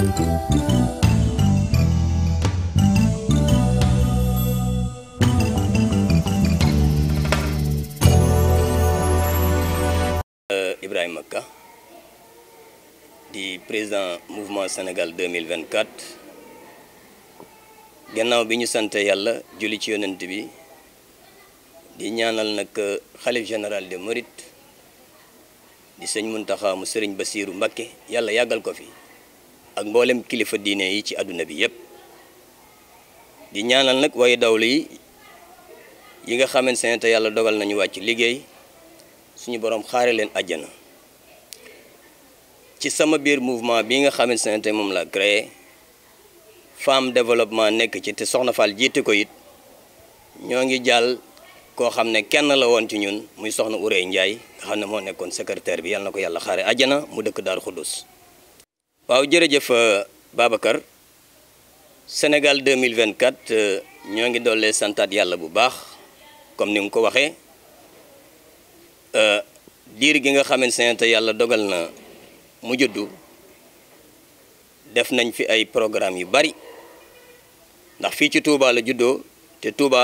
Euh, Ibrahima Ka di président mouvement Sénégal 2024 gannaaw bi ñu sante yàlla julli ci yonent bi di ñaanal nag euh, xalif général de Mouride di sëñ Muntaxa mu sëriñ Basiiru Mbakke yàlla yàggal ko fii ak mboolem kilifa diine yi ci àdduna bi yépp di ñaanal nag waaye dawlu yi yi nga xamante ne te yàlla dogal nañu wàcc liggéey suñu boroom xaare leen àjjana ci sama biir mouvement bi nga xamante ne te moom la créé femme développement nekk ci te Soxna Fall jiite ko it ñoo ngi jàll ko xam ne kenn la woon ci ñun muy Soxna Urey Njaay nga xam ne moo nekkoon secrétaire bi yàlla na ko yàlla xaare àjjana mu dëkk Daaru Xuddus waaw jërëjëf euh, Babacar Sénégal 2024 euh, ñoo ngi dollee santaat yàlla bu baax comme ni nga ko waxee euh, diir gi nga xamante ne yàlla dogal na mu juddu def nañ fi ay programme yu bari ndax fii ci Touba la juddoo te Touba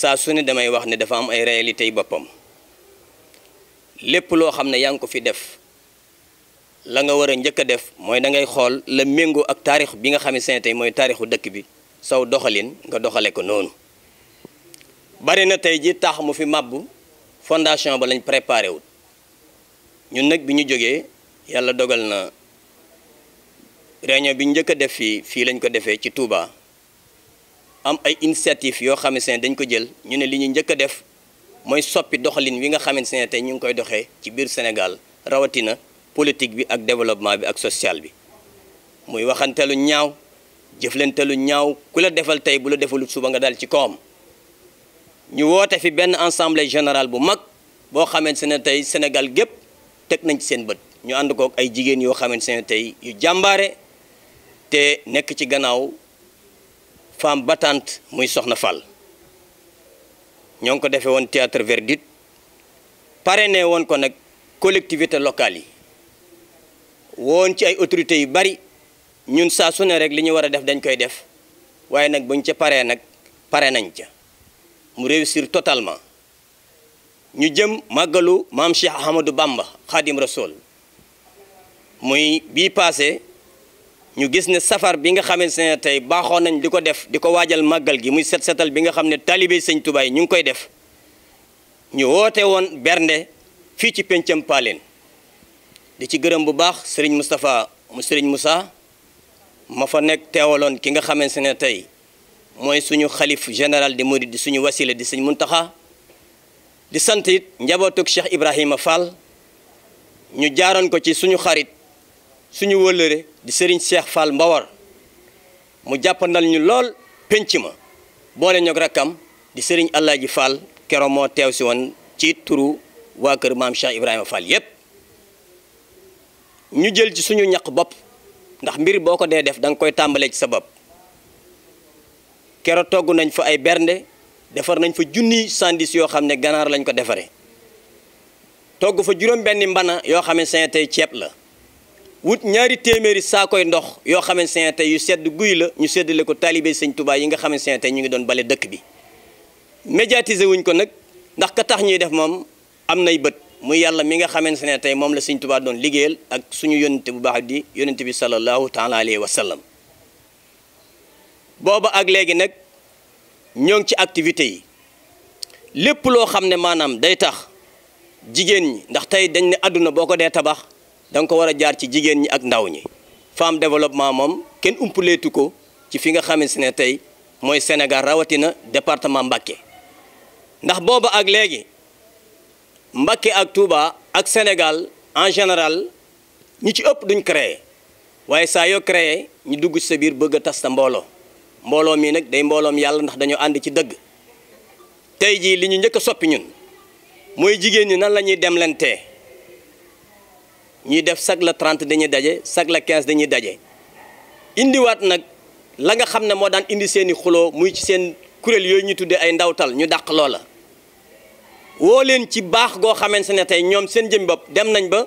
saa su ne damay wax ne dafa am ay réalités yu boppam lépp loo xam ne yaa ngi ko fi def. la nga war a njëkk a def mooy da ngay xool la méngoo ak taarix bi nga xam ne tey mooy taarixu dëkk bi saw doxalin nga doxale ko noonu bari na tey ji taax mu fi màbb fondation ba lañ préparé wut ñun nag bi ñu jógee yàlla dogal na réunion bi njëkk a def fii fii lañ ko defee ci Touba am ay initiative yoo xam ne dañ ko jël ñu ne li ñu njëkk a def mooy soppi doxalin wi nga xamante ne tey ñu ngi koy doxee ci biir Sénégal rawatina politique bi ak développement bi ak sociale bi muy waxantelu ñaaw jëflantelu ñaaw ku la defal tey bu la defalut suba nga dal ci kawam ñu woote fi benn assemblée général bu mag boo xamante ne tey Sénégal gépp teg nañ ci seen bët ñu ànd kook ay jigéen yoo xamante ne tey yu jàmbaare te nekk ci gannaaw femme battante muy Soxna Fall ñoo ngi ko defee woon théâtre pare parrainé woon ko nag collectivité locale yi woon ci ay autorité yu bari ñun saa sune rek li ñu war a def dañ koy def waaye nag buñ ca paree nag pare nañ ca mu réussir totalement ñu jëm màggalu maam Cheikh Ahmadou Bamba Khadim Rasoul muy bi passé ñu gis ne safar bi nga xamante ne tey baaxoon nañ di ko def di ko waajal màggal gi muy set setal bi nga xam ne taalibe sëñ Tuubaa ñu ngi koy def ñu woote woon bernde fii ci pencam Paaleen di ci gërëm bu baax sëriñ Moustapha mu sëriñ mussa ma fa nekk teewaloon ki nga xamante ne tey mooy suñu xalif général di murid suñu wasila di sëñ Muntaxa di sant it njabootug Cheikh Ibrahima Fall ñu jaaroon ko ci suñu xarit suñu wëllëre di sëriñ Cheikh Fall Mbawar mu jàppandal ñu lool penc ma boole ñoog rakkam di sëriñ Alaaji Fall keroo moo teew si woon ci turu waa kër maam Cheikh Ibrahima Fall yépp ñu jël ci suñu ñaq bopp ndax mbir boo ko dee def da nga koy tàmbalee ci sa bopp kero togg nañ fa ay bernde defar nañ fa junni sandis yoo xam ne ganaar lañ ko defaree togg fa juróom benn mbana yoo xam ne tey ceeb la wut ñaari téeméeri saa koy ndox yoo xam ne tey yu sedd guy la ñu seddale ko taalibe sëñ Tuubaa yi nga xam ne tey ñu ngi doon bale dëkk bi médiatiser wuñ ko nag ndax ka tax ñuy def moom am nay bët muy yàlla mi nga xamante ne tey moom la Sëñ Tuubaa doon liggéeyal ak suñu yónente bu baax di yónente bi sallallahu taala alayhi wa sallam booba ak léegi nag ñoo ngi ci activités yi lépp loo xam ne maanaam day tax jigéen ñi ndax tey dañ ne àdduna boo ko dee tabax danga ko war a jaar ci jigéen ñi ak ndaw ñi femme développement moom kenn umpaleetu ko ci fi nga xamante ne tey mooy Sénégal rawatina département Mbacké ndax booba ak léegi Mbacké ak Touba ak Sénégal en général ñi ci ëpp duñ créer waaye saa yoo créer ñu dugg ci sa biir bëgg a tas sa mbooloo mbooloo mii nag day mbooloom yàlla ndax dañoo ànd ci dëgg tey jii li ñu njëkk a soppi ñun mooy jigéen ñu nan lañuy ñuy demlantee ñuy def chaque la 30 dañuy daje chaque la 15 dañuy daje indiwaat nag la nga xam ne moo daan indi seen i xuloo muy ci seen kuréel yooyu ñu tuddee ay ndawtal ñu dàq loola. woo leen ci baax goo xamante ne tey ñoom seen jëm bopp dem nañ ba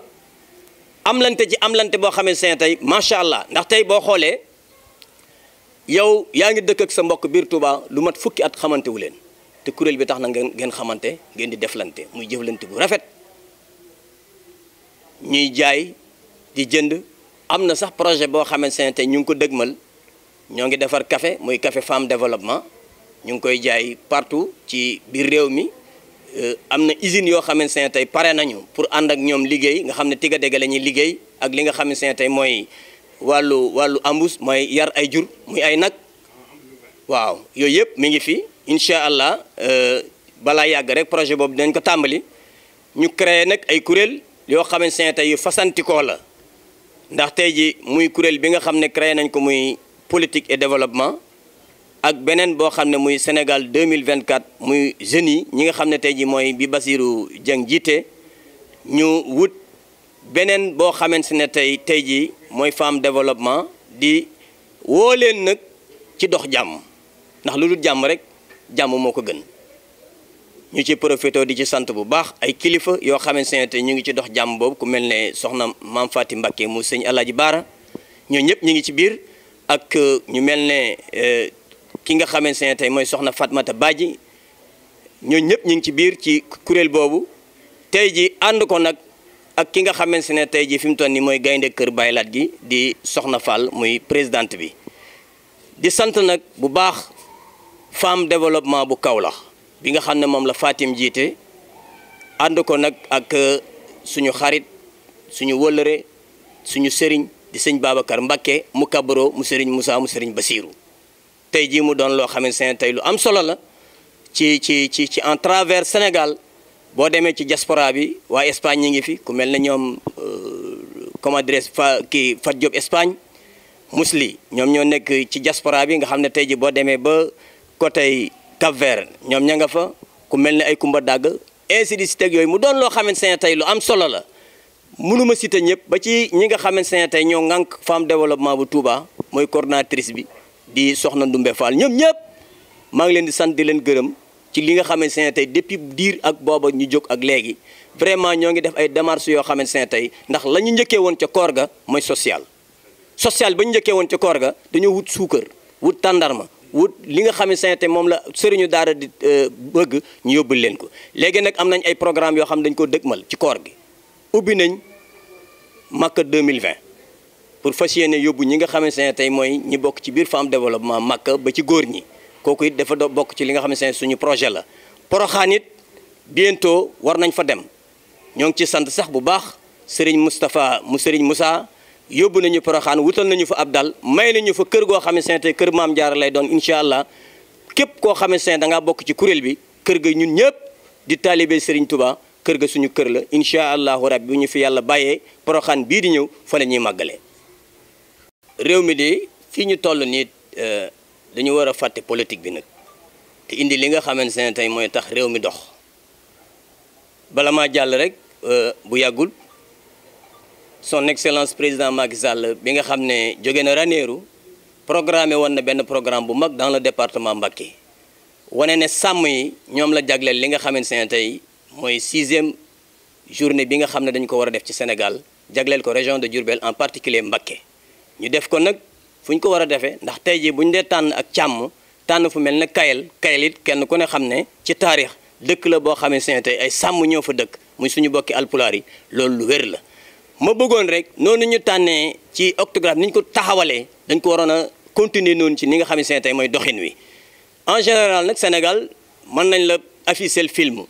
amlante ci amlante boo xamante ne tey macha allah ndax tey boo xoolee yow yaa ngi dëkk ak sa mbokk biir Touba lu mat fukki at xamantewu leen te kuréel bi tax na ngeen ngeen xamante ngeen di deflante muy jëflante bu rafet ñuy jaay di jënd am na sax projet boo xamante ne tey ñu ngi ko dëgmal ñoo ngi defar kafe muy kafe femme développement ñu ngi koy jaay partout ci biir réew mi. Euh, am na usines yoo xamante ne tey pare nañu pour ànd ak ñoom liggéey nga xam ne tiga dégg la ñuy liggéey ak li nga xamante ne tey mooy wàllu wàllu embouche mooy yar ay jur muy ay nag waaw yooyu yëpp mi ngi fi incha allah euh, balaa yàgg rek projet boobu dañ ko tàmbali ñu créé nag ay kuréel yoo xamante ne tey yu fasantikoo la ndax tey ji muy kuréel bi nga xam ne créé nañ ko muy politique et développement ak beneen boo xam ne muy Sénégal 2024 muy jeunes yi ñi nga xam ne tey jii mooy bi basiru Dieng jiite ñu wut beneen boo xamante ne tey tey jii mooy femme développement di woo leen nag ci dox jàmm ndax lu dul jàmm rek jàmm moo ko gën ñu ci profité di ci sant bu baax ay kilifa yoo xamante ne tey ñu ngi ci dox jàmm boobu ku mel ne soxna maam Faati Mbakke mu sëñ Alaaji Baara ñoo ñëpp ñu ngi ci biir ak ñu mel ne euh, ki nga xamante ne tey mooy soxna Fatmata Badji ñoo ñëpp ñu ngi ci biir ci kuréel boobu tey ji ànd ko nag ak ki nga xamante ne tey ji fi mu toll nii mooy gaynde kër baylaat gi di soxna Fall muy présidente bi di sant nag bu baax femme développement bu kaw Kaolack bi nga xam ne moom la Fatim jiite ànd ko nag ak euh, suñu xarit suñu wëllëre suñu sëriñ di sëñ Babacar Mbakke mu kabaro mu sëriñ Moussa mu sëriñ Basirou tey jii mu doon loo xamante ne tey lu am solo la ci ci ci ci en travers Sénégal boo demee ci diaspora bi waaye Espagne ñi ngi fi ku mel ne ñoom euh, comment dirais fa kii Fat Diop Espagne Mously ñoom ñoo nekk ci diaspora bi nga xam ne tey jii boo demee ba côté Cap Vert ñoom ña nga fa ku mel ne ay Kumba Dagg ainsi de suite yooyu mu doon loo xamante ne tey lu am solo la si te ñëpp ba ci ñi nga xamante ne tey ñoo ŋànk femme développement bu Touba mooy coordinatrice bi di soxna Ndumbe Fall ñoom ñëpp maa ngi leen di sant di leen gërëm ci li nga xamante ne tey depuis diir ak booba ñu jóg ak léegi vraiment ñoo ngi def ay démarches yoo xamante ne tey ndax la ñu njëkkee woon ca koor ga mooy social social ba ñu njëkkee woon ca koor ga dañoo wut suukar wut tàndarma wut li nga xam ne te moom la sëriñu daara di euh, bëgg ñu yóbbul leen ko léegi nag am nañ ay programme yoo xam ne dañu ko dëgmal ci koor gi ubbi nañ Makka 2020 pour fas yéene yóbbu ñi nga xamante ne tey mooy ñi bokk ci biir femme développement Makka ba ci góor ñi kooku it dafa bokk ci li nga xamante ne suñu projet la. Poroxaan it bientôt war nañ fa dem ñoo ngi ci sant sax bu baax Serigne Moustapha mu Serigne Moussa yóbbu nañu Poroxaan wutal nañu fa ab dal may nañu fa kër goo xamante ne tey kër Maam jaar lay doon incha allah képp koo xamante ne da bokk ci kuréel bi kër ga ñun ñëpp di taalibe Serigne Touba. kër ga suñu kër la incha allahu rabbi bu ñu fi yàlla bàyyee poroxaan bii di ñëw fa la ñuy màggalee réew mi de fii ñu toll nii euh, dañu war a fàtte politique bi nag te indi li nga xamante ne tey mooy tax réew mi dox bala maa jàll rek euh, bu yàggul son excellence président Macky bi nga xam ne jóge na Ranérou programme woon na benn programme bu mag dans le département Mbacké wane ne sàmm yi ñoom la jagleel li nga xamante ne tey mooy sixième journée bi nga xam ne dañ ko war a def ci Sénégal jagleel ko région de Diourbel en particulier Mbacké ñu def ko nag fu ñu ko war a defee ndax tey jii bu ñu dee tànn ak càmm tànn fu mel ne kayel kayel it kenn ku ne xam ne ci taarix dëkk la boo xamee ne tey ay sàmm ñoo fa dëkk muy suñu bokki alpulaar loolu lu wér la ma bëggoon rek noonu ñu tànnee ci octographe ni ñu ko taxawalee dañ ko waroon a continuer noonu ci ni nga xam ne tey mooy doxin wi en général nag Sénégal mën nañ la afficher film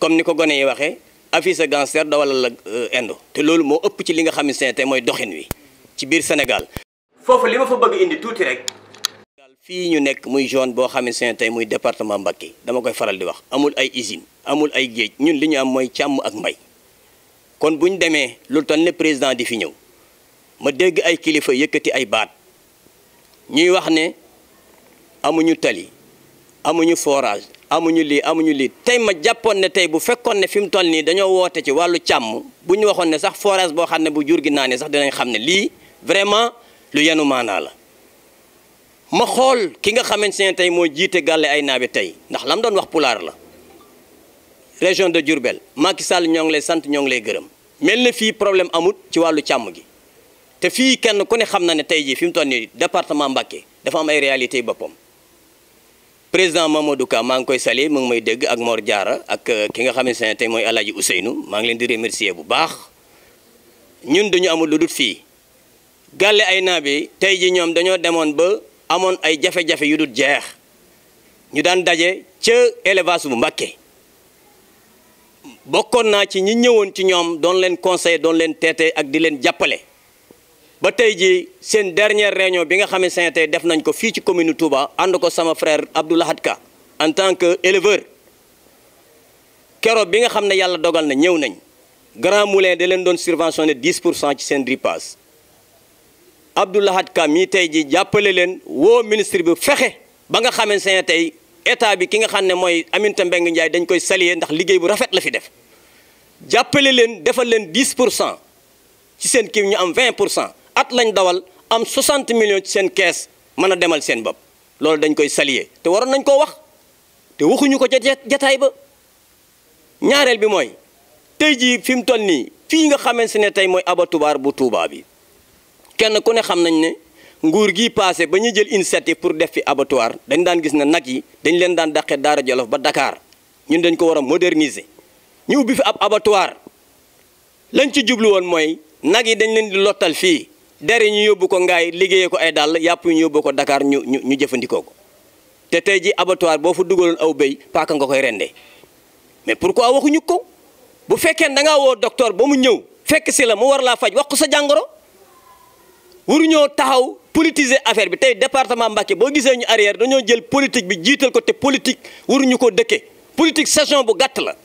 comme ni ko gone yi waxee afficher gangster dawalal la euh, indo te loolu moo ëpp ci li nga xam ne tey mooy doxin wi ci biir Sénégal. foofu li ma fa bëgg indi tuuti rek. fii ñu nekk muy zone boo xamante ne tey muy département Mbacké dama koy faral di wax amul ay usine amul ay géej ñun li ñu am mooy càmm ak mbay kon bu ñu demee lu toll ne président di fi ñëw ma dégg ay kilifa yëkkati ay baat ñuy wax ne amuñu tali amuñu forage amuñu lii amuñu lii tey ma jàppoon ne tey bu fekkoon ne fi mu toll nii dañoo woote ci wàllu càmm bu ñu waxoon ne sax forage boo xam ne bu jur gi naa ne sax dinañ xam ne lii. vraiment lu yenu maanaa la ma xool ki nga xamante ne tey moo jiite gàlle ay naabe tey ndax lam doon wax pulaar la région de Diourbel Macky Sall ñoo ngi lay sant ñoo ngi lay gërëm mel na fii problème amut ci wàllu càmm gi te fii kenn ku ne xam na ne tey jii fi mu toll nii département Mbacké dafa am ay réalité boppam président Mamadou Ka maa ngi koy sali mu ngi may dégg ak moor Diarra ak euh, ki nga xamante ne tey mooy El Hadji Ousseynou maa ngi leen di remercier bu baax ñun dañu amul lu dul fii. gàlle ay naabi tey ji ñoom dañoo demoon ba amoon ay jafe-jafe yu dul jeex ñu daan daje ca élevage bu Mbàkke bokkoon naa ci ñi ñëwoon ci ñoom doon leen conseil doon leen teete ak di leen jàppale ba tey ji seen dernière réunion bi nga xam ne tey def nañ ko fii ci commune Touba ànd ko sama frère Abdou Lahad Ka en tant que éleveur keroog bi nga xam ne yàlla dogal na ñëw nañ Grand Moulin da leen doon subventionné 10 pour cent ci seen ripaas Abdou Lahad Ka mii tey ji jàppale leen woo ministre bi fexe ba nga xamee seen tey état bi ki nga xam ne mooy Aminata Mbengue Ndiaye dañ koy saluer ndax liggéey bu rafet la fi def jàppale leen defal leen 10 pour cent ci seen kii ñu am 20 pour cent at lañ dawal am 60 millions ci seen kees mën a demal seen bopp loolu dañ koy saluer te waroon nañ koo wax te waxuñu ko ca jataay ba ñaareel bi mooy tey jii fi mu toll nii fii nga xamante ne tey mooy abatubaar bu tuubaa bi. kenn ku ne xam nañ ne nguur gi passé ba ñu jël initiative pour def fi abatoir dañ daan gis na nag yi dañ leen daan dàqee Daara Jolof ba dakaar ñun dañ ko war a moderniser ñu ubbi fi ab abatoir lañ ci jublu woon mooy nag yi dañ leen di lottal fii dere ñu yóbbu ko ngaay liggéeyee ko ay dàll yàpp ñu yóbbu ko dakaar ñu ñu jëfandikoo ko te tey ji abattoir boo fu dugaloon aw béy paaka nga koy rendee mais pour pourquoi waxuñu ko bu fekkee da ngaa woo docteur ba mu ñëw fekk si la mu war laa faj wax ko sa jàngoro. waruñoo taxaw politiser affaire bi tey département Mbacké boo gisee ñu arrière dañoo jël politique bi jiital ko te politique waruñu ko dëkkee politique saison bu gàtt la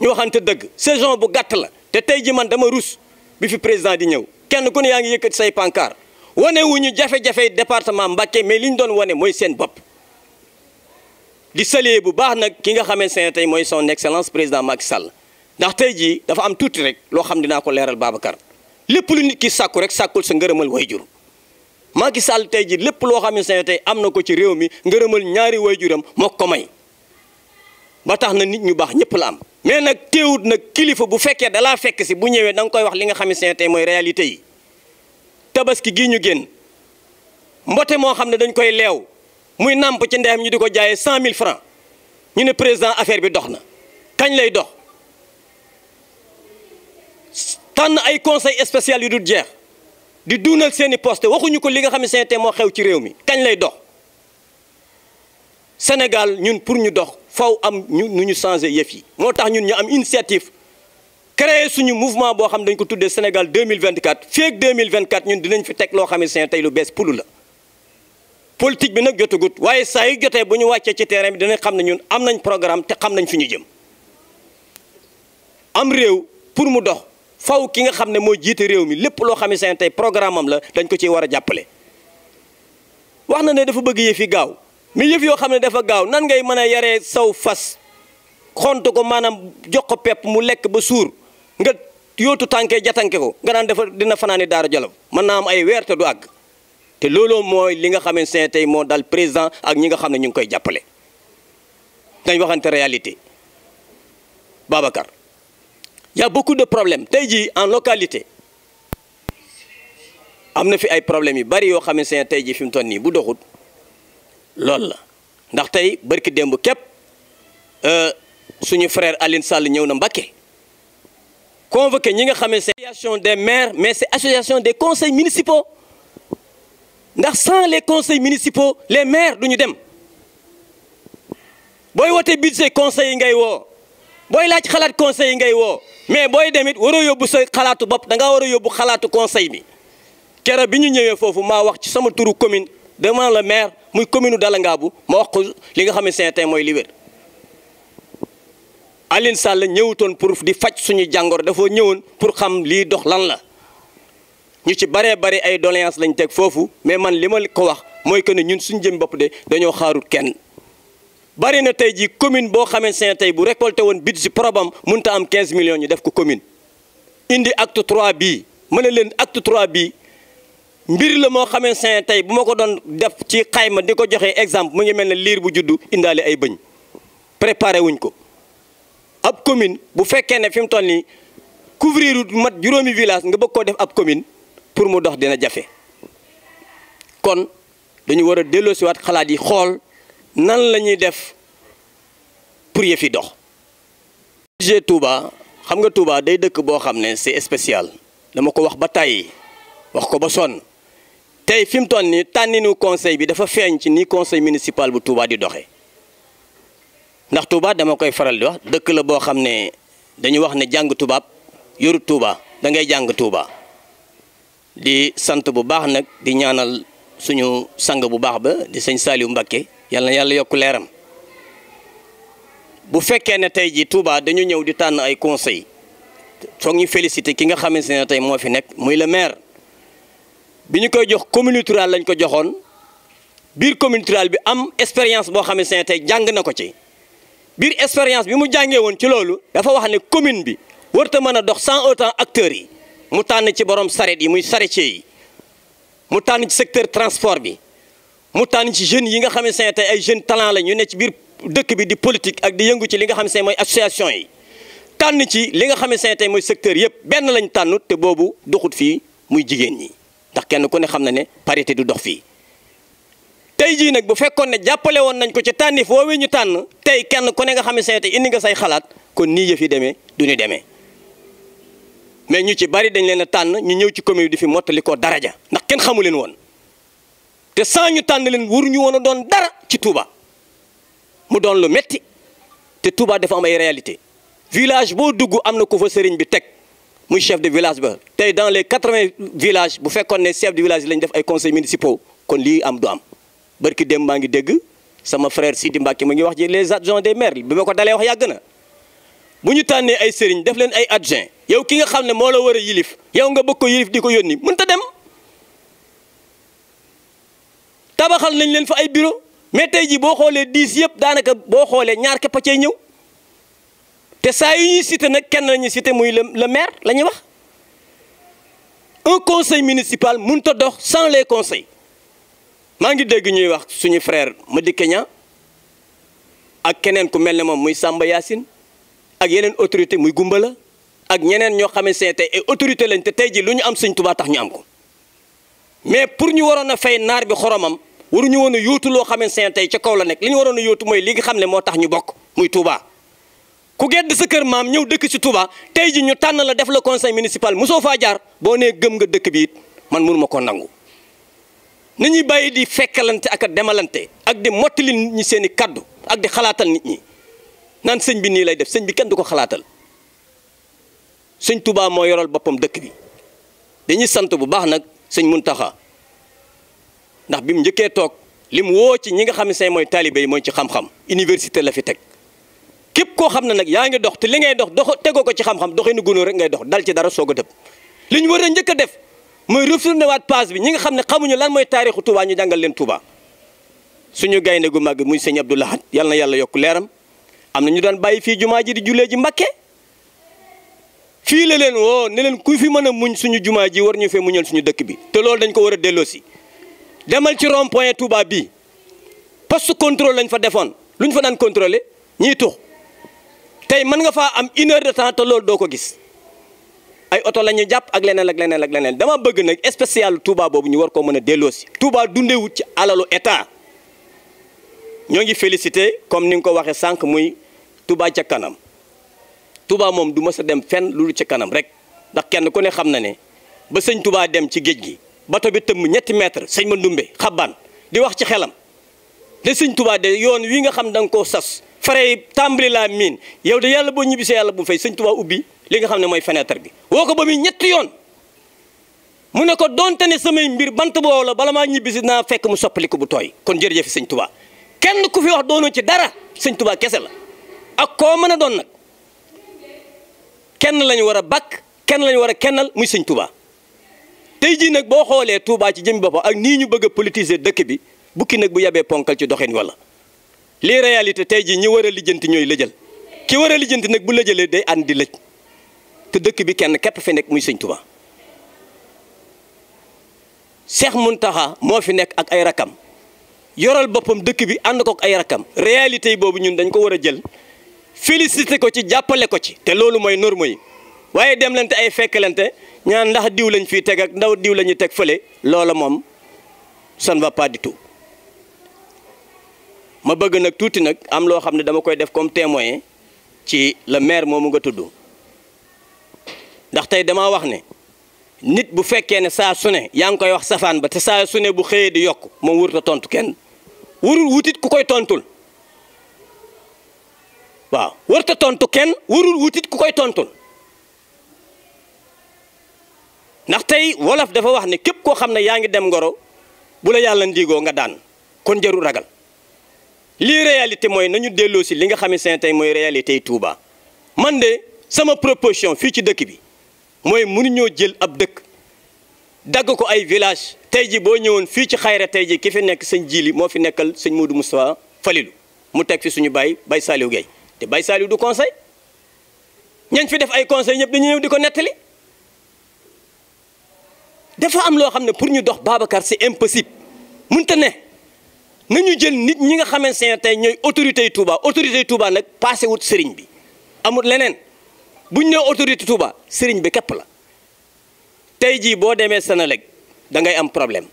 ñu waxante dëgg saison bu gàtt la te tey ji man dama rus bi fi président di ñëw kenn ku ne yaa ngi yëkkati say pancart wane wu ñu jafe-jafe département Mbacké mais li ñu doon wane mooy seen bopp di saluer bu baax nag ki nga xamante ne tey mooy son excellence président Macky Sall ndax tey jii dafa am tuuti rek loo xam dinaa ko leeral Babacar lépp lu nit ki sàkku rek sàkkul sa ngërëmal wayjur Macky Sall tey ji lépp loo xam ne sa tey am na ko ci réew mi ngërëmal ñaari wayjuram moo ko may ba tax na nit ñu baax ñëpp la am mais nag teewut nag kilifa bu fekkee dalaa fekk si bu ñëwee da nga koy wax li nga xam ne sa tey mooy réalité yi tabaski gii ñu génn mbote moo xam ne dañ koy leew muy nàmp ci ndeyam ñu di ko jaayee cent mille francs ñu ne président affaire bi dox na kañ lay dox tànn ay conseil spécial yu dul jeex di duunal seen i poste waxuñu ko li nga xam ne te moo xew ci réew mi kañ lay dox Sénégal ñun pour ñu dox faw am ñu nu ñu changé yëf yi moo tax ñun ñu am initiative créer suñu mouvement boo xam ne dañ ko tuddee Sénégal 2024 fii ak 2024 ñun dinañ fi teg loo xam ne seen tey lu bees pulu la politique bi nag jotagut waaye saa yi jotee bu ñu wàccee ci terrain bi dinañ xam ne ñun am nañ programme te xam nañ fi ñu jëm am réew pour mu dox faw ki nga xam ne mooy jiite réew mi lépp loo xam ne seen tey programme am la dañ ko ciy war a jàppale. wax na ne dafa bëgg yëf yi gaaw mais yëf yoo xam ne dafa gaaw nan ngay mën a yaree saw fas xont ko maanaam jox ko pepp mu lekk ba suur nga yootu tànkee jatanke ko nga naan dafa dina fanaani daara jolof mën naa am ay weer te du àgg te looloo mooy li nga xam ne seen tey moo dal président ak ñi nga xam ne ñu ngi koy jàppale. dañ waxante réalité Babacar. y a beaucoup de problèmes tey jii en localité am na fi ay problèmes yu bari yoo xamante ne tey jii fi mu toll nii bu doxut loolu la ndax tey barki démb képp euh, suñu frère Aline Sall ñëw na Mbacké convoqué ñi nga xamante ne association des maires mais c'est association des conseils municipaux ndax sans les conseils municipaux les maires duñu dem booy wote budget conseil yi ngay woo booy laaj xalaat conseil yi ngay woo mais booy demit waroo yóbbu sa xalaatu bopp da ngaa war a yóbbu xalaatu conseil bi kero bi ñu ñëwee foofu maa wax ci sama turu commune devant la maire muy commune Dalangaabu ma wax ko li nga xam ne seetaan mooy li wér Aline la ñëwutoon pour di faj suñuy jàngoro dafoo ñëwoon pour xam lii dox lan la ñu ci baree bari ay doléance lañ teg foofu mais man li ma ko wax mooy que ne ñun suñu jëm bopp de dañoo xaarut kenn bari na tey jii commune boo xamee seen tey bu récolté woon budget si probam mënut a am 15 millions ñu def ko commune. indi acte 3 bii ma ne leen acte trois bii mbir la moo xamee seen tey bu ma ko doon def ci xayma di ko joxe exemple mu ngi mel ne liir bu juddu indaale ay bëñ préparé wuñ ko ab commune bu fekkee ne fi mu toll nii couvrir mat juróomi village nga bëgg koo def ab commune pour mu dox dina jafe kon dañu war a waat xalaat yi xool. nan la ñuy def pour yëf yi dox. budget Touba xam nga tuuba day dëkk boo xam ne c'est spécial dama ko wax ba tàyyi wax ko ba sonn tey fi mu toll nii tànninu conseil bi dafa feeñ ci ni conseil municipal bu Touba di doxe ndax Touba dama koy faral di wax dëkk la boo xam ne dañu wax ne jàng tubaab yorut Touba da jàng Touba di sant bu baax nag di ñaanal suñu sang bu baax ba di sëñ Saliou Mbacké. yàlla na yàlla yokk leeram bu fekkee ne tey jii Touba dañu ñëw di tànn ay conseil soog ñu félicité ki nga xamante ne tey moo fi nekk muy le maire bi ñu koy jox commune rurale lañ ko joxoon biir commune rurale bi am expérience boo xamante ne tey jàng na ko ci biir expérience bi mu jàngee woon ci loolu dafa wax ne commune bi warta mën a dox sans autant acteurs yi mu tànn ci borom saret yi muy saretie yi mu tànn ci secteur transport bi mu tànn ci jeunes yi nga xam ne tey ay jeunes talent la ñu ne ci biir dëkk bi di politique ak di yëngu ci li nga xam ne mooy association yi tànn ci li nga xam ne tey mooy secteur yëpp benn lañ tànnut te boobu doxut fii muy jigéen ñi ndax kenn ku ne xam na ne parité du dox fii. tey jii nag bu fekkoon ne jàppale woon nañ ko ci tànnif woowee ñu tànn tey kenn ku ne nga xam ne tey indi nga say xalaat kon nii yëf yi demee du ñu demee mais ñu ci bari dañ leen a tànn ñu ñëw ci commune di fi mottali ko daraja ndax kenn xamu leen woon. te sans ñu tànn leen waruñu woon a doon dara ci Touba mu doon lu metti te Touba dafa am ay réalité village boo dugg am na ku fa sëriñ bi teg muy chef de village ba tey dans les quatre-vingts villages bu fekkoon ne chef de village lañ def ay conseils municipaux kon lii am du am barki dem maa ngi dégg sama frère Sidi Mbacke mu ngi wax ji les adjoints des maires bi ma ko dalee wax yàgg na bu ñu tànnee ay sëriñ def leen ay adjoint yow ki nga xam ne moo la war a yilif yow nga bëgg ko di ko yónni mënta dem tabaxal nañ leen fa ay bureau mais tey jii boo xoolee dix yëpp daanaka boo xoolee ñaar képp a cay ñëw te saa yu ñuy cité nag kenn la ñuy muy le le maire la ñuy wax un conseil municipal mënut a dox sans les conseils maa ngi dégg ñuy wax suñu frère Madické Niang ak keneen ku mel ne moom muy Samba Yacine ak yeneen autorité muy la ak ñeneen ñoo xamante ne te ay autorité lañ te tey ji lu ñu am Sëñ Tuubaa tax ñu am ko mais pour ñu waroon a fay naar bi xoromam. waruñu woon a loo xamante ne tey ca kaw la nekk li ñu waroon yootu mooy li nga xam ne moo tax ñu bokk muy Touba. ku gedd sa kër maam ñëw dëkk ci Touba tey ji ñu tànn la def la conseil municipal mosoo faa jaar boo nee gëm nga dëkk bi it man mënuma koo nangu. na ñuy bàyyi di fekkalante ak a demalante ak di mottali nit ñi seen i kaddu ak di xalaatal nit ñi naan sëñ bi nii lay def sëñ bi kenn du ko xalaatal sëñ Touba moo yoral boppam dëkk bi dañuy sant bu baax nag sëñ Muntaxa ndax bi mu njëkkee toog li mu woo ci ñi nga xam ne say mooy taalibe yi mooy ci xam-xam université la fi teg képp koo xam ne nag yaa ngi dox te li ngay dox dox tegoo ko ci xam-xam doxinu gunóor rek ngay dox dal ci dara soog a dëpp li ñu war a njëkk a def mooy retourné waat passe bi ñi nga xam ne xamuñu lan mooy taarixu Touba ñu jàngal leen Touba suñu gaynde gu màgg muy sëñ Abdou Lahad yal na yàlla yokk leeram am na ñu daan bàyyi fii jumaa ji di julee ji Mbàkke fii la woo ne leen ku fi mën a muñ suñu jumaa ji war ñu fee muñal suñu dëkk bi te loolu dañ ko war a delloosi demal ci rond point Touba bii poste contrôle lañ fa defoon lu ñu fa daan contrôler ñiy tux tey mën nga faa am une de temps loolu doo ko gis ay oto lañuy jàpp ak leneen ak leneen ak leneen dama bëgg nag spécial Touba boobu ñu war koo mën a delloosi. Touba dundewut ci alalu état ñoo ngi félicité comme ni nga ko waxee sànq muy Touba ca kanam Touba moom du mës a dem fenn lu ci kanam rek ndax kenn ku ne xam na ne ba sëñ Touba dem ci géej gi. bato bi mu ñetti mètre sëñ ma ndumbe xabbaan di wax ci xelam de sëñ tubaa de yoon wi nga xam da nga koo sas fare tàmbali laa miin yow de yàlla boo ñibbisee yàlla bu fay sëñ tubaa ubbi li nga xam ne mooy fenêtre bi woo ko ba muy ñetti yoon mu ne ko donte ne samay mbir bant boobu la bala maa ñibbisi naa fekk mu soppaliku bu tooy kon jër jërëjëf sëñ tubaa kenn ku fi wax doonu ci dara sëñ tubaa kese la ak koo mën a doon nag kenn lañu war a bàkk kenn lañu war a kennal muy sëñ tubaa tey jii nag boo xoolee Touba ci jëm boppam ak nii ñu bëgg a politiser dëkk bi bukki nag bu yabee ponkal ci doxin wala lii réalité tey jii ñi war a lijjanti ñooy lëjal ki war a lijjanti nag bu lëjalee day ànd di lëj te dëkk bi kenn képp fi nekk muy sëñ Touba. Cheikh Mountakha moo fi nekk ak ay rakam yoral boppam dëkk bi ànd ko ak ay rakkam réalité boobu ñun dañ ko war a jël félicité ko ci jàppale ko ci te loolu mooy norme yi. waaye dem ay fekkalante ñaan ndax diw lañ fi teg ak ndaw diw la ñuy teg fële loola moom ça ne va pas du tout ma bëgg nag tuuti nag am loo xam ne dama koy def comme témoin ci le maire moomu nga tudd ndax tey dama wax ne nit bu fekkee ne saa sune yaa ngi koy wax safaan ba te saa sune bu xëyee di yokk moom wurut a tontu kenn wurul wutit ku koy tontul waaw wërta tontu kenn wurul wutit ku koy tontul ndax tey wolof dafa wax ne képp koo xam ne yaa ngi dem ngoro bu la yàlla ndiigoo nga daan kon jarul ragal lii réalité mooy nañu delloo si li nga xam ne seen tey mooy réalité yi Touba man de sama proposition fii ci dëkk bi mooy mënuñoo jël ab dëkk dagg ko ay village tey ji boo ñëwoon fii ci xayra tey ji ki fi nekk sëñ Jili moo fi nekkal sëñ Modou Moustapha Falilou mu teg fi suñu baay bay Saliou Gueye te bay Saliou du conseil ñañ fi def ay conseil ñëpp dañu di ko nettali dafa am loo xam ne pour ñu dox Babacar c'est impossible mënta ne nañu jël nit ñi nga xamante seen tey ñooy autorité yu Touba autorité yu Touba nag passé wut sëriñ bi amul leneen bu ñu nee autorité Touba sëriñ bi képp la tey jii boo demee Sénélec da ngay am problème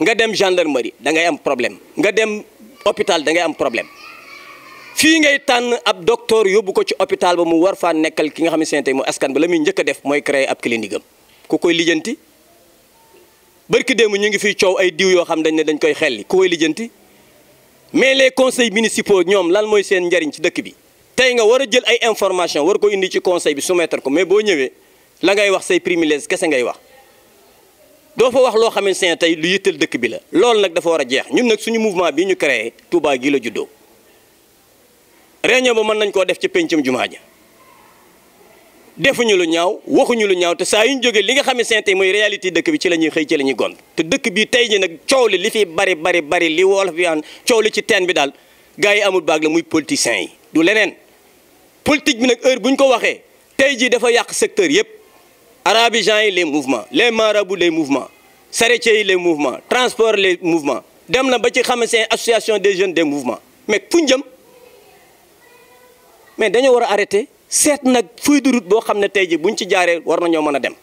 nga dem gendarmerie da ngay am problème nga dem hôpital da ngay am problème fii ngay tànn ab docteur yóbbu ko ci hôpital ba mu war faa nekkal ki nga xamante ne tey mu askan bi la muy njëk def mooy créer ab clinique am ku koy lijjanti. barki démb ñu ngi fiy coow ay diw yoo xam dañ ne dañ koy xelli ku koy lijjanti mais les conseil municipaux ñoom lan mooy seen njariñ ci dëkk bi tey nga war a jël ay information war ko indi ci conseil bi soumettre ko mais boo ñëwee la ngay wax say privilèges kese ngay wax doo fa wax loo xamante ne tey lu yittal dëkk bi la loolu nag dafa war a jeex ñun nag suñu mouvement bi ñu créé Touba gii la juddoo réunion ba mën nañ koo def ci péncum jumaa ja defuñu lu ñaaw waxuñu lu ñaaw te saa yu ñu jógee li nga xam ne sente mooy réalité dëkk bi ci la ñuy xëy ci la ñuy gont te dëkk bi tey ji nag coow li li fi bari bari bari li wolof bi an coow li ci teen bi daal gars yi amul baag la muy politiciens yi du leneen politique bi nag heure bu ñu ko waxee tey jii dafa yàq secteur yëpp arabisants yi les mouvement les marabouts les mouvements charretiers yi les mouvement transport les mouvements dem na ba ci xam ne association des jeunes des mouvements mais fu ñu jëm mais dañoo war a arrêter seet nag feuille de boo xam ne tey bu ñu ci jaaree war nañoo mën a dem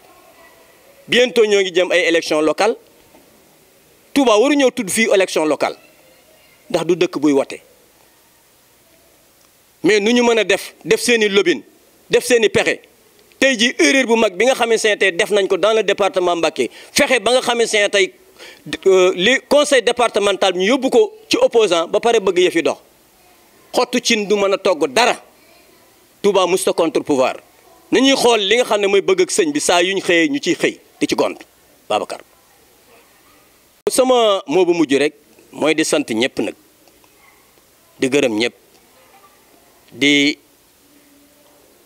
bientôt ñoo ngi jëm ay élection locale Touba waru ñëw tudd fii élection locale ndax du dëkk buy wote mais nu ñu mën a def def seeni i lobin def seen i pexe tey jii erreur bu mag bi nga xamante ne tey def nañ ko dans le département Mbacké fexe ba nga xamante ne tey euh, li conseil départemental ñu yóbbu ko ci opposant ba pare bëgg yëfi dox xottu cin du mën a togg dara Touba musta contre pouvoir nañuy xool li nga xam ne mooy bëgg ak sëñ bi saa yu ñu xëyee ñu ciy xëy di ci gont Babacar. sama moo bu mujj rek mooy di sant ñëpp nag di gërëm ñëpp di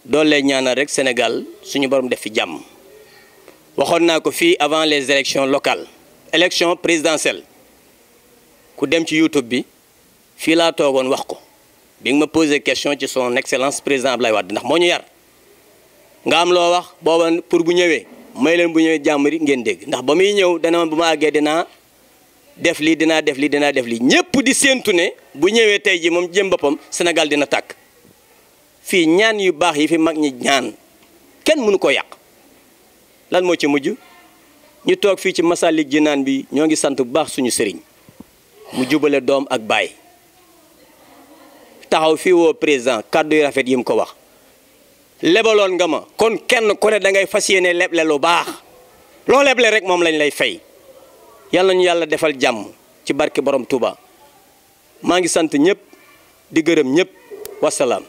doole ñaanal rek Sénégal suñu borom def fi jàmm waxoon naa ko fii avant les élections locales élection présidentielle ku dem ci YouTube bi fii laa toogoon wax ko. bi nga ma posé question ci son excellence président Ablaye Wade ndax moo ñu yar nga am loo wax booba pour bu ñëwee may leen bu ñëwee jàmbari ngeen dégg ndax ba muy ñëw dana ma bu ma àggee dinaa def lii dinaa def lii dinaa def lii ñëpp di séentu ne bu ñëwee tey ji moom jëm boppam Sénégal dina tàkk fii ñaan yu baax yi fi mag ñi ñaan kenn mënu ko yàq lan moo ci mujj ñu toog fii ci Masalik Jinaan bi ñoo ngi sant bu baax suñu sëriñ mu jubale doom ak baay taxaw fii woo président kàddu yu rafet yi mu ko wax lebaloon nga ma kon kenn ku ne da ngay fas yéene leble lu baax loo leble rek moom lañ lay fay yal nañu yàlla defal jàmm ci barke borom Touba maa ngi sant ñëpp di gërëm ñëpp wasalaam.